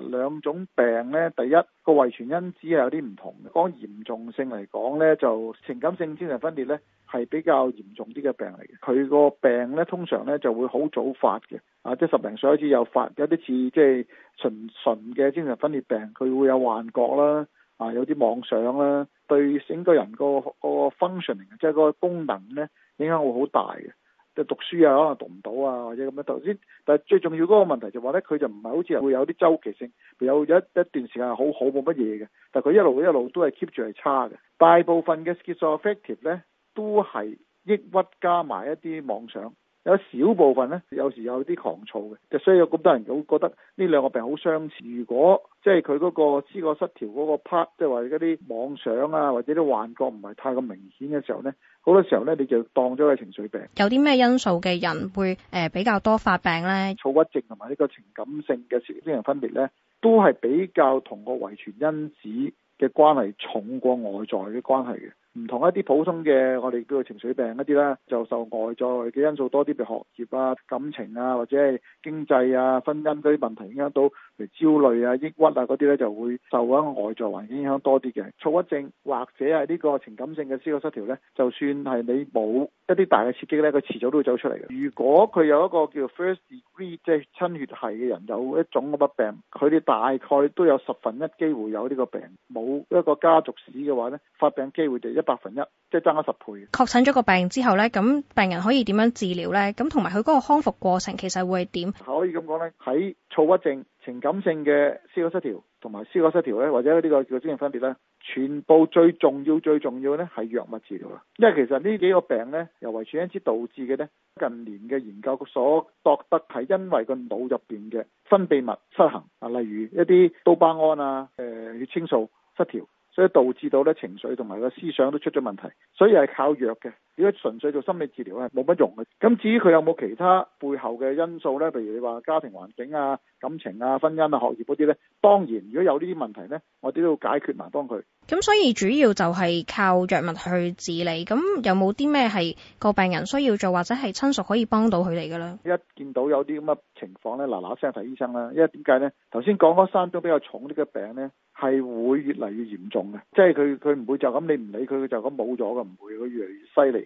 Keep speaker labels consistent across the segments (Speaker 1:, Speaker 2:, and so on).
Speaker 1: 兩種病咧，第一個遺傳因子係有啲唔同嘅。講嚴重性嚟講咧，就情感性精神分裂咧係比較嚴重啲嘅病嚟嘅。佢個病咧通常咧就會好早發嘅，啊即係十零歲開始有發，有啲似即係純純嘅精神分裂病，佢會有幻覺啦，啊有啲妄想啦，對成個人個個 function，即係個功能咧影響會好大嘅。就讀書啊，可能讀唔到啊，或者咁樣頭先。但係最重要嗰個問題就話、是、咧，佢就唔係好似會有啲周期性，有有一一段時間係好好冇乜嘢嘅，但係佢一路一路都係 keep 住係差嘅。大部分嘅 schizoaffective 咧都係抑鬱加埋一啲妄想。有少部分咧，有時有啲狂躁嘅，就所以有咁多人會覺得呢兩個病好相似。如果即係佢嗰個思覺失調嗰個 part，即係話嗰啲妄想啊，或者啲幻覺唔係太咁明顯嘅時候咧，好多時候咧，你就當咗係情緒病。
Speaker 2: 有啲咩因素嘅人會誒、呃、比較多發病咧？
Speaker 1: 躁鬱症同埋呢個情感性嘅精神分裂咧，都係比較同個遺傳因子嘅關係重過外在嘅關係嘅，唔同一啲普通嘅我哋叫做情緒病一啲咧，就受外在嘅因素多啲，譬如學業啊、感情啊或者係經濟啊、婚姻嗰啲問題影響到，譬如焦慮啊、抑鬱啊嗰啲咧就會受一個外在環境影響多啲嘅。躁鬱症或者係呢個情感性嘅思覺失調咧，就算係你冇一啲大嘅刺激咧，佢遲早都會走出嚟嘅。如果佢有一個叫做 first degree，即係親血係嘅人有一種嗰筆病，佢哋大概都有十分一機會有呢個病冇一個家族史嘅話咧，發病機會就一百分一，即係增加十倍。
Speaker 2: 確診咗個病之後咧，咁病人可以點樣治療咧？咁同埋佢嗰個康復過程其實會係點？
Speaker 1: 可以咁講咧，喺躁鬱症、情感性嘅思覺失調同埋思覺失調咧，或者呢個叫咩分別咧？全部最重要最重要呢，係藥物治療啦，因為其實呢幾個病呢，由遺傳因子導致嘅呢，近年嘅研究所獲得係因為個腦入邊嘅分泌物失衡啊，例如一啲多巴胺啊、誒、呃、血清素失調，所以導致到呢情緒同埋個思想都出咗問題，所以係靠藥嘅。如果純粹做心理治療係冇乜用嘅，咁至於佢有冇其他背後嘅因素咧？譬如你話家庭環境啊、感情啊、婚姻啊、學業嗰啲咧，當然如果有呢啲問題咧，我哋都要解決埋幫佢。
Speaker 2: 咁所以主要就係靠藥物去治理。咁有冇啲咩係個病人需要做，或者係親屬可以幫到佢哋嘅咧？
Speaker 1: 一見到有啲咁嘅情況咧，嗱嗱聲睇醫生啦。因為點解咧？頭先講嗰三種比較重啲嘅病咧，係會越嚟越嚴重嘅，即係佢佢唔會就咁你唔理佢，佢就咁冇咗㗎，唔會，佢越嚟越犀利。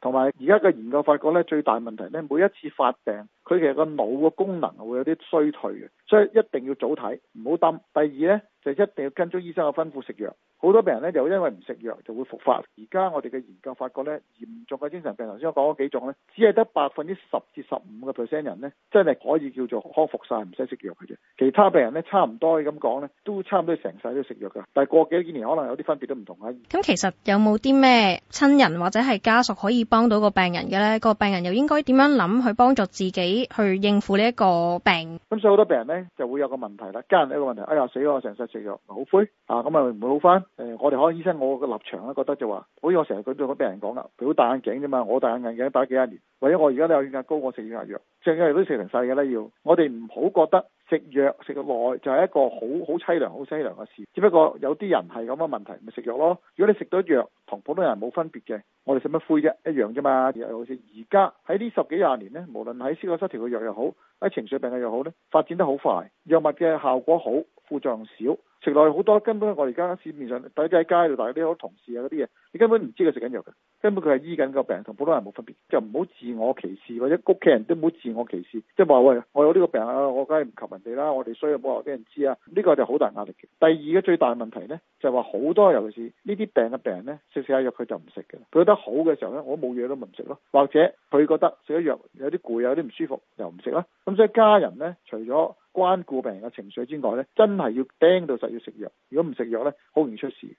Speaker 1: 同埋而家嘅研究發覺咧，最大問題咧，每一次發病，佢其實個腦嘅功能會有啲衰退嘅，所以一定要早睇，唔好耽。第二咧，就一定要跟足醫生嘅吩咐食藥。好多病人咧，就因為唔食藥就會復發。而家我哋嘅研究發覺咧，嚴重嘅精神病，頭先我講咗幾種咧，只係得百分之十至十五嘅 percent 人咧，真係可以叫做康復晒唔使食藥嘅啫。其他病人咧，差唔多咁講咧，都差唔多成世都食藥㗎。但係過幾年可能有啲分別都唔同啊。
Speaker 2: 咁其實有冇啲咩親人或者係家屬可以幫到個病人嘅咧，個病人又應該點樣諗去幫助自己去應付呢一個病？
Speaker 1: 咁、嗯、所以好多病人咧就會有個問題啦，家人有一個問題。哎呀死咗我成世食藥，好灰啊，咁啊唔會好翻。誒、呃，我哋可能醫生我個立場咧，覺得就話，好似我成日佢對個病人講啦，譬如戴眼鏡啫嘛，我戴眼鏡戴幾廿年，或者我而家都有血壓高，我食血壓藥，成日都食成世嘅啦要。我哋唔好覺得。食藥食耐就係、是、一個好好凄涼、好凄涼嘅事。只不過有啲人係咁嘅問題，咪食藥咯。如果你食到藥同普通人冇分別嘅，我哋使乜灰啫？一樣啫嘛。而好似而家喺呢十幾廿年呢，無論喺思覺失調嘅藥又好，喺情緒病嘅藥又好咧，發展得好快。藥物嘅效果好，副作用少，食落去好多，根本我而家市面上，大家喺街度，大家都好多同事啊嗰啲嘢，你根本唔知佢食緊藥嘅，根本佢係醫緊個病，同普通人冇分別。就唔好自我歧視，或者屋企人都唔好自我歧視，即係話喂，我有呢個病啊，我梗係唔及人哋啦，我哋衰又唔好話俾人知啊。呢個就好大壓力嘅。第二個最大問題呢，就係話好多尤其是呢啲病嘅病人呢，食食下藥佢就唔食嘅，佢覺得好嘅時候呢，我冇嘢都唔食咯，或者佢覺得食咗藥有啲攰，有啲唔舒服，又唔食啦。咁所以家人呢，除咗關顧病人嘅情緒之外咧，真係要盯到實要食藥。如果唔食藥咧，好容易出事。